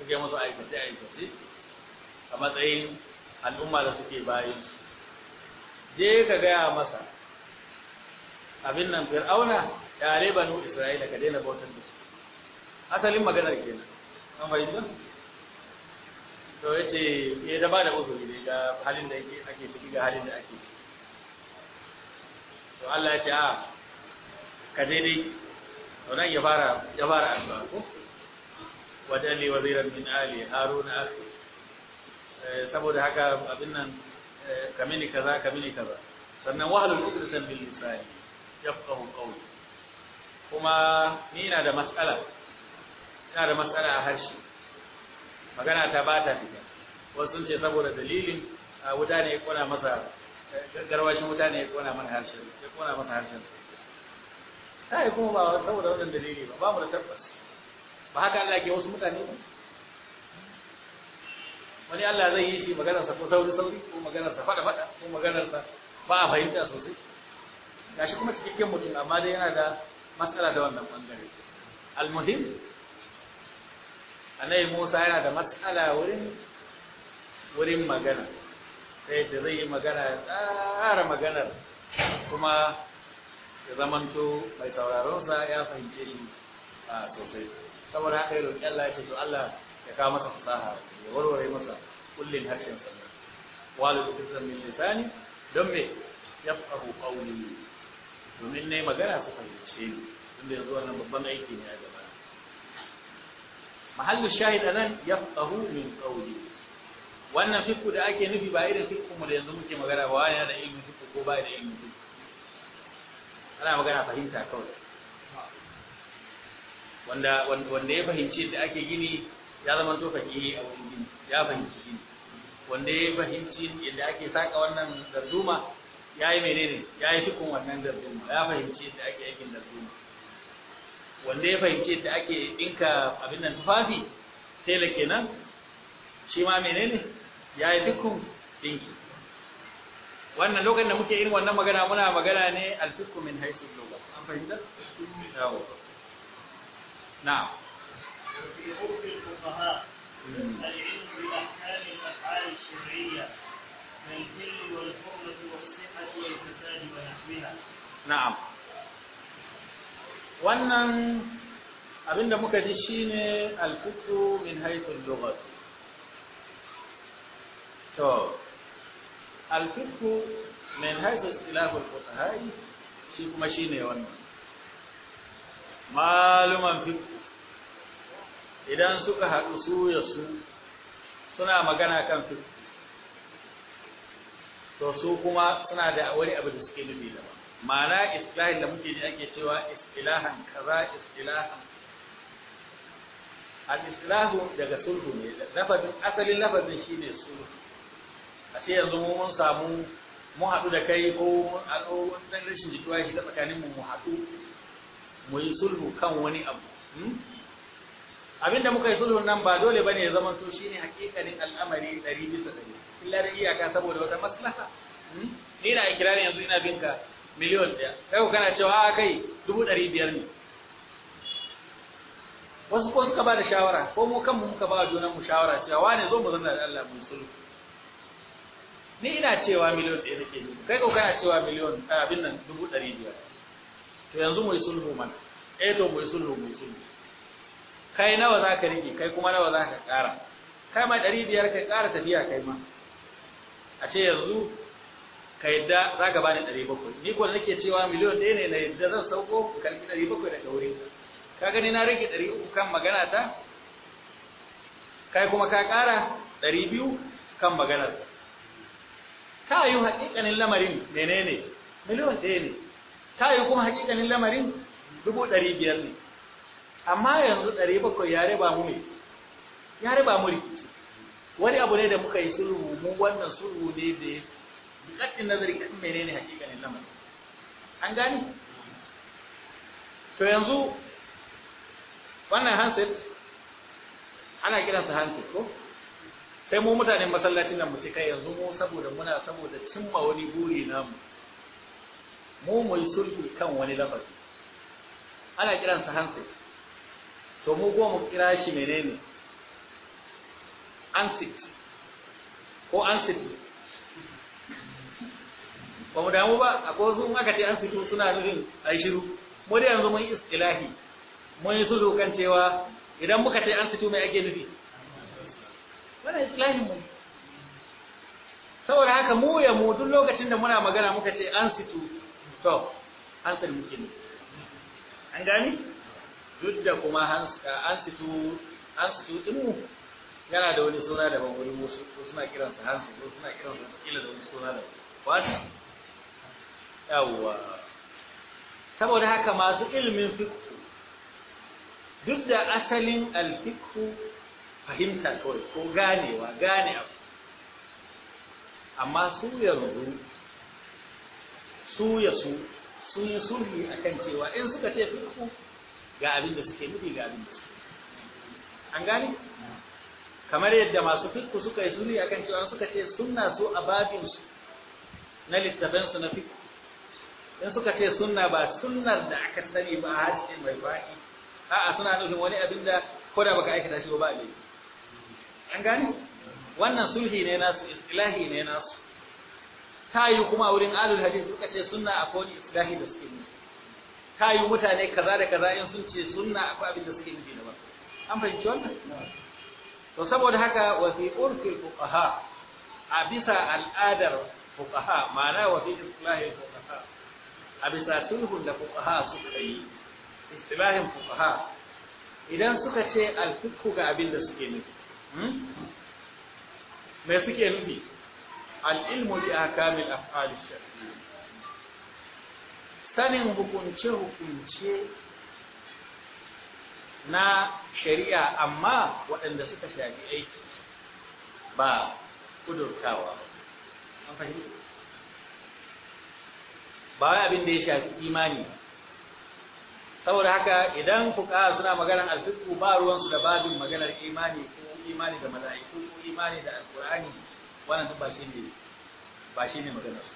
suke musu aikace-aikace a matsayin al'umma da suke bayan su je ka gaya masa abin nan fir'auna yare banu isra'ila ka daina bautar da su asalin maganar kenan an bayyana to yace ya eh, da bada uzuri ne ga halin da ake ciki ga halin da ake ciki to Allah ya ce a ah, ka daidai to nan ya fara ya fara addu'a ko wajali waziran min ali haruna akhi Eh, saboda haka abin nan eh, kamini kaza kamini kaza sannan wahalul ukratan bil lisani yafqahu qawli kuma ni ina da mas'ala ina da mas'ala a harshe magana ta ba ta fita wasu sun ce saboda dalilin wuta ne ya kona masa eh, garwashin wuta ne ya kona mana harshe ya kona masa harshen sa ta yi kuma ba saboda wannan dalili ba ba mu da tabbas ba haka Allah ke wasu mutane ba wani Allah zai yi shi maganarsa ko sauri sauri ko maganarsa fada fada ko maganarsa ba a fahimta sosai shi kuma cikakken mutum amma dai yana da matsala da wannan bangare almuhim nai Musa yana da matsala wurin magana Ta yadda zai yi magana ya tsara maganar kuma ya zamanto mai sauraronsa ya fahimce shi ah, sosai saboda haka yi roƙi Allah ya ce to Allah ya kawo masa fasaha ya warware masa kullin harshen sa walidu fitran min lisani don me fahu qawli domin ne magana su fahimce ni tunda yanzu wannan babban aiki ne a jama'a mahallu shahid anan fahu min qawli wannan fikku da ake nufi ba irin fikku mu da yanzu muke magana ba wani da ilmin fikku ko ba da ilmin fiqhu ana magana fahimta kawai wanda wanda ya fahimci da ake gini ya zama to a wurin ya fahimci shi wanda ya fahimci yadda ake saka wannan darduma ya yi menene ya yi fikun wannan darduma ya fahimci yadda ake aikin darduma wanda ya fahimci yadda ake ɗinka abin nan tufafi tela kenan shi ma menene ya yi fikun ɗinki wannan lokacin da muke irin wannan magana muna magana ne alfikku min lokacin an fahimta yawo na'am في عرف الفقهاء العلم بأحكام الأفعال الشرعية كالحل والحرمة والصحة والفساد ونحوها نعم wannan abinda muka ji shine alfiqhu min haythul lughat to alfiqhu min haythu istilahul fuqaha shi kuma shine wannan maluman fiqh idan suka haɗu su ya su suna magana kan fiƙi to su kuma suna da wani abu da suke nufi da ma'ana istilahin da muke ji ake cewa istilahan kaza istilahan al-islahu daga sulhu ne lafazin asalin lafazin shine sulhu a ce yanzu mu mun samu mun haɗu da kai ko mun ado wannan rashin jituwa shi ta tsakanin mu mu haɗu mu yi sulhu kan wani abu hmm? abinda muka yi sulhun nan ba dole bane ya zama to shine hakikanin al'amari 100% illa da iyaka saboda wata maslaha hmm? ni na ikirarin yanzu ina binka miliyon ɗaya kai kana cewa a kai dubu biyar ne wasu ko suka ba da shawara ko mu kanmu muka ba junanmu shawara cewa wane zo mu zanna da Allah mu sulhu ni ina cewa miliyon ɗaya nake yi kai ko kana cewa miliyon abin nan dubu ɗari biyar to yanzu mu yi sulhu mana eh to mu yi sulhu mu yi sulhu kai nawa za ka rage kai kuma nawa za ka ƙara kai ma ɗari biyar kai ƙara tafiya kai ma a ce yanzu ka yadda za ka bani ɗari bakwai ni kuwa nake cewa miliyon ɗaya ne na yadda zan sauko ka karɓi ɗari bakwai daga wurin ka gani na rage ɗari uku kan magana ta kai kuma ka ƙara ɗari biyu kan maganar ta yi haƙiƙanin lamarin menene miliyon ɗaya ne ta yi kuma haƙiƙanin lamarin dubu ɗari biyar ne amma yanzu 700 ya raba mu ne ya raba mu rikici wani abu ne da muka yi sulhu mu wannan sulhu ne da bukatun nazari kan menene hakikanin lamarin an gani to yanzu wannan handset ana kiransa handset ko sai mu mutanen masallacin nan mu ce kai yanzu mu saboda muna saboda cimma wani buri namu mu mu yi sulhu kan wani lamarin ana kiransa handset to mu goma kira shi menene ansit ko ansit ba mu damu ba akwai wasu aka ce ansit suna nufin ai shiru mu da yanzu mun istilahi mun yi su kan cewa idan muka ce ansit mai ake nufi wannan istilahin mu saboda haka mu ya mu duk lokacin da muna magana muka ce ansit to ansit muke ne an gani duk da kuma hansitu eh, hansitu tunu, yana da wani suna da ban ko suna kiransa hansu ko suna kiransa kila da wani suna da wata yawuwa. saboda haka masu ilimin fikku duk da asalin alfikku fahimta kawai ko ganewa gane abu amma su yanzu su ya su sun yi sulhi akan cewa in suka ce fikku ga abin da suke nufi ga abin da suke an gane kamar yadda masu fikku suka yi sulhi akan cewa suka ce sunna su a babin su na littafin su na fikku in suka ce sunna ba sunnar da aka sani ba a cikin mai baki a'a suna nufin wani abin da ko da baka aikata shi ba ne an gane wannan sulhi ne nasu istilahi ne nasu ta yi kuma wurin alul hadis suka ce sunna a koni istilahi da suke ne ta yi mutane kaza da kaza in sun ce sunna akwai abin da suke nufi daban an fahimci wannan to saboda haka wa fi urfi fuqaha a bisa al'adar fuqaha ma'ana wa fi islahi fuqaha a bisa sulhun da fuqaha suka yi islahin fuqaha idan suka ce al ga abin da suke nufi hmm? me suke nufi al-ilmu bi ahkamil af'al ash-shar'iyyah sanin hukunce-hukunce na shari'a amma waɗanda suka shafi aiki ba kudurtawa ba wai abin da ya shafi imani saboda haka idan fuka suna maganar alfikku ba ruwansu da babin maganar imani ko imani da mala'iku ko imani da alkur'ani wannan duk ba shi ne maganarsu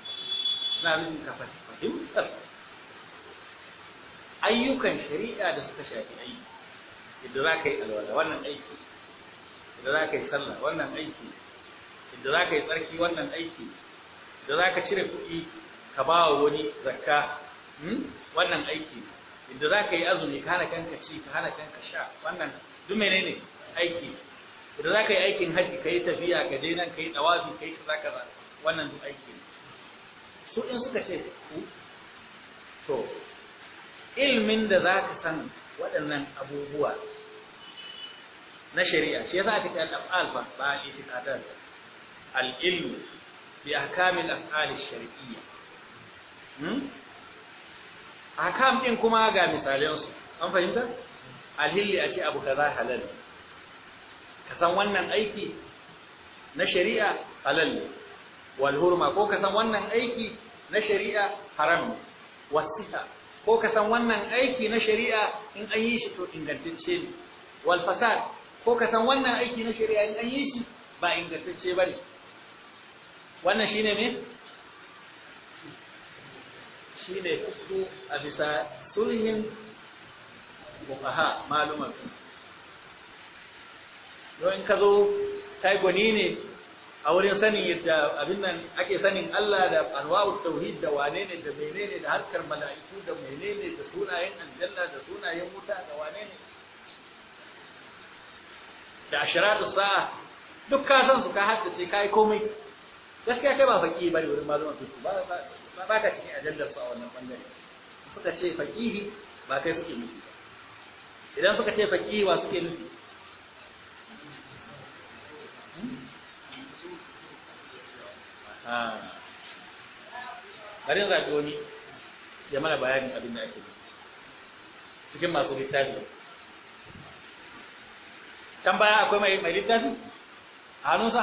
suna nufin ka fahimtar ayyukan shari'a da suka shafi aiki idan za ka yi alwala wannan aiki idan za ka yi sallah wannan aiki idan za ka yi tsarki wannan aiki idan za ka cire kuɗi ka ba wa wani zakka hmm? wannan aiki idan za ka yi azumi ka hana kanka ci ka hana kanka sha wannan duk menene aiki idan za ka yi aikin haji ka yi tafiya ka je nan ka yi ɗawafi ka yi kaza kaza wannan duk aiki su in suka ce to ilmin da za ka san waɗannan abubuwa na shari'a shi yasa aka ce al-af'al fa ba al-i'tiqadat al-ilm bi hmm? ahkam al-af'al ash-shar'iyya hmm kuma ga misalan an fahimta al a ce abu za halal ka san wannan aiki na shari'a halal ne wal hurma ko ka san wannan aiki na shari'a haram ne wasiha ko ka san wannan aiki na shari'a in an yi shi to ingantacce ne wal fasad ko ka san wannan aiki na shari'a in an yi shi ba ingantacce bane wannan shine me shine ku a bisa sulhin fuqaha maluman don in ka zo kai gwani ne a wurin sanin yadda abin nan ake sanin Allah da anwa'ut tauhid da wane ne da menene da harkar mala'iku da menene da sunayen aljanna da sunayen wuta da wane ne da ashiratus sa'a duk ka san su ka ce kai komai gaskiya kai ba faki ba ne wurin malaman fiqh ba ba ka cikin ajandar su a wannan bangare suka ce faqihi ba kai suke nufi idan suka ce faqihi wa suke nufi Ah. bari in zaɓi wani ya mana bayanin abin da ake cikin masu littafi can baya akwai mai littafi a hannunsa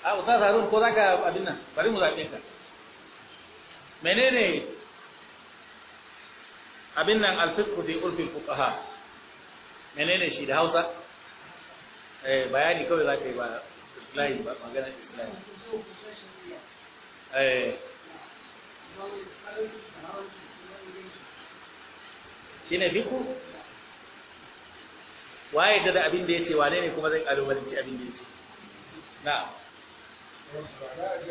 a ah, usa zarun ko za ka abin nan bari mu zaɓe ka menene abin nan alfiqhu fi ulfil fuqaha menene shi da Hausa Eh, bayani kawai za ka yi ba islahi ba magana islahi eh. shi ne biku waye da da abin da ya ce wane ne kuma zai kalubalanci abin da ya ce na eh. Ba ya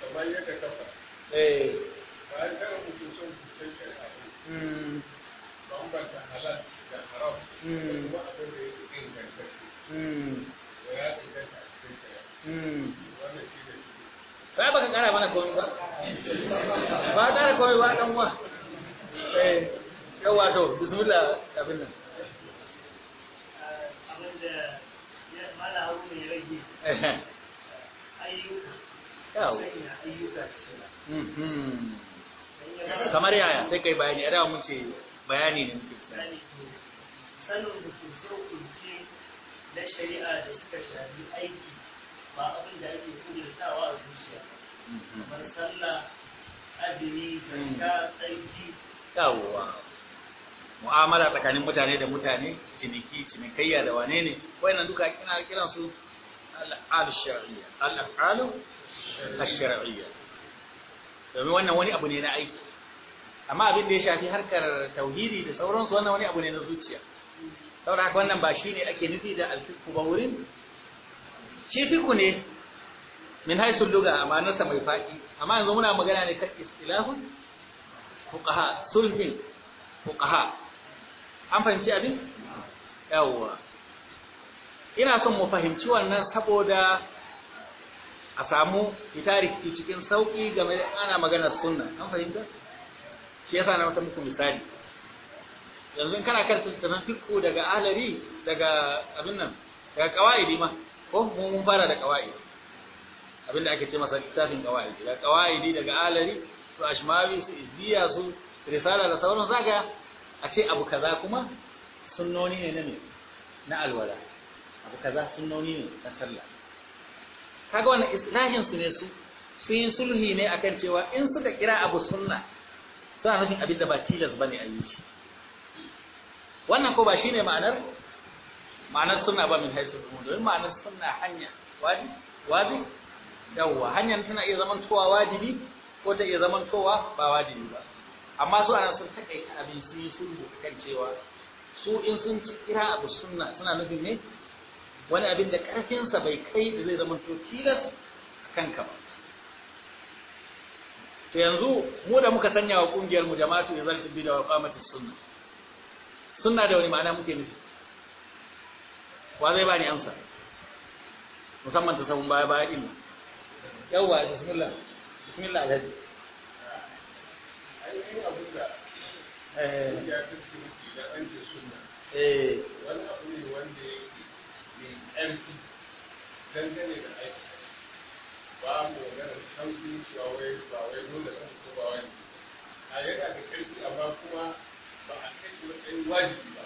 kamar yadda kafa eh ba ta rubutu sun shari'a bambanta halal da hmm. ya hmm. hmm. kara mana ba ba kara komai ba dan uwa eh to bismillah abin nan eh, abinda ya mala hawo ne rage ayyuka yawo ayyuka ce kamar yaya sai kai bayani a da mun ce bayani ne muke sani sanin hukunce ce na shari'a da suka shafi aiki ba abin da ake kudurtawa a zuciya mhm. kamar sallah azumi zanka mhm. tsarki yawwa mu'amala tsakanin mutane da mutane ciniki cinikayya da wane ne wayannan duka kina kiran su al shar'iyya al shariyya domin wannan wani abu ne na aiki amma abin da ya shafi harkar tauhidi da sauransu wannan wani abu ne na zuciya saboda haka wannan ba shi ne ake nufi da alfiku ba wurin shi fiku ne min haisul luga amma nasa mai faɗi amma yanzu muna magana ne kan istilahun fuqaha sulhin fuqaha an fahimci abin yawwa ina son mu fahimci wannan saboda a samu fita rikici cikin sauƙi game da ana maganar sunna an fahimta shi yasa na wata muku misali yanzu kana karanta littafin fiqh daga alari daga abin nan daga qawaidi ma ko mun fara da qawaidi abin da ake ce masa littafin qawaidi daga qawaidi daga alari su ashmawi su iziya, su risala da sauran zaka a ce abu kaza kuma sunnoni ne na me na alwala abu kaza sunnoni ne na sallah kaga wannan islahin su ne su sun yi sulhi ne akan cewa in suka kira abu sunna suna nufin abin da ba tilas ba ne a yi shi wannan ko ba shi ne ma'anar ma'anar suna ba min haisu domin ma'anar suna hanya wajibi yawwa hanyar tana iya zamantowa wajibi ko ta iya zamantowa ba wajibi ba amma su ana sun takaita abin su yi sulhu kan cewa su in sun ci kira abu sunna suna nufin ne wani abin da karfinsa bai kai da zai zamanto tilas kanka ba to yanzu mu da muka sanya wa kungiyar mu jama'atu izalatul bid'a wa qamatus sunna sunna da wani ma'ana muke nufi wa zai bani amsa musamman ta sabon baya baya ilmi yawwa bismillah bismillah alhaji eh wani abu ne wanda yake ne ƙarfi dangane da aiki babu maganar sauƙi wai ba wai dole ba ko ba wani a yana da karfi amma kuma ba a kai shi matsayin wajibi ba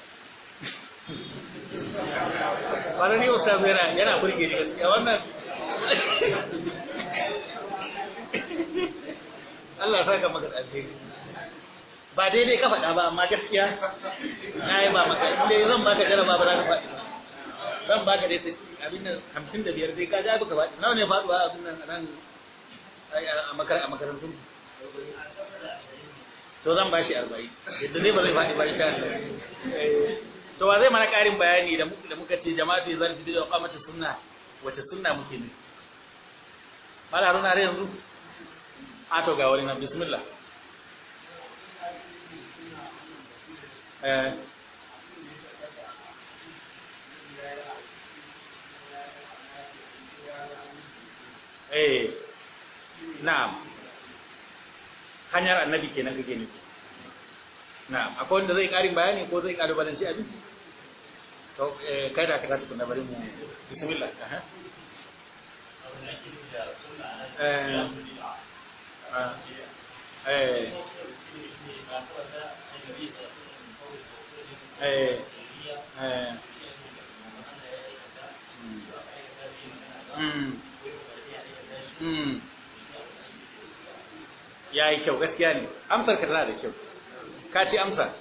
wani ne ni gaskiya wannan Allah maka alheri ba daidai ka faɗa ba amma gaskiya na yi ba maka inda zan baka jarabawa ba za ka faɗi ran baka dai ta abin nan hamsin da biyar dai ka ja baka faɗi nawa ne faɗuwa abin nan nan a makarantun to zan bashi arba'in yadda zai ba zai faɗi ba insha Allah eh, to wa zai mana ƙarin bayani da muka ce jama'atu zan fi da kamata sunna wace sunna muke ne mala haruna har yanzu a to ga wani na, bismillah eh, eh na'am hanyar annabi kenan kake nufi na'am akwai wanda zai karin bayani ko zai abin to eh kai da na bari mu bismillah eh eh eh eh hmm. Hmm. ya yi kyau gaskiya ne amsar ka tana da kyau ka ce amsa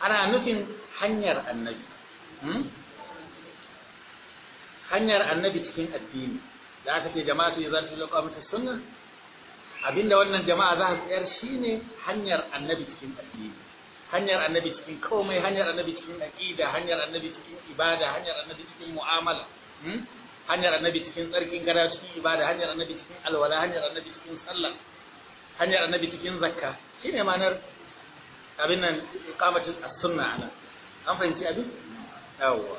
ana nufin hanyar annabi hmm? hanyar annabi cikin addini da aka ce jama'a za su zarfi mutu suna? abinda wannan jama'a za su tsayar shine hanyar annabi cikin addini hanyar annabi cikin komai hanyar annabi cikin aƙida hanyar annabi cikin ibada hanyar annabi cikin mu'amala hmm? hanyar annabi cikin tsarkin gara cikin ibada hanyar annabi cikin alwala hanyar annabi cikin sallah hanyar annabi cikin zakka shine ma'anar abin nan iqamatul as-sunna ana an fahimci abin yawwa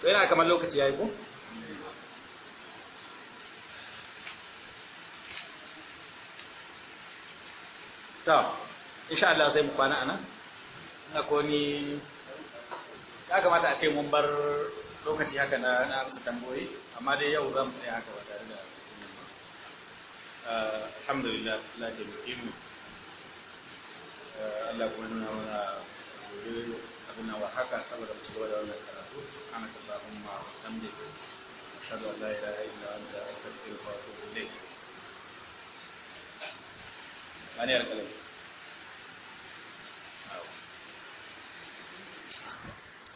to yana kamar lokaci yayi ko ta insha Allah sai mu kwana ana ko ni ya kamata a ce mun bar lokaci haka na na amsa tamboyi amma dai yau za mu tsaya haka ba tare da alhamdulillah Allah ya taimake Allah kuma nuna mana gobe abin nan wa haka saboda mu ci gaba da wannan karatu subhanaka allahumma wa hamdika ashhadu an la ilaha illa anta astaghfiruka wa atubu ilayk ani alkalam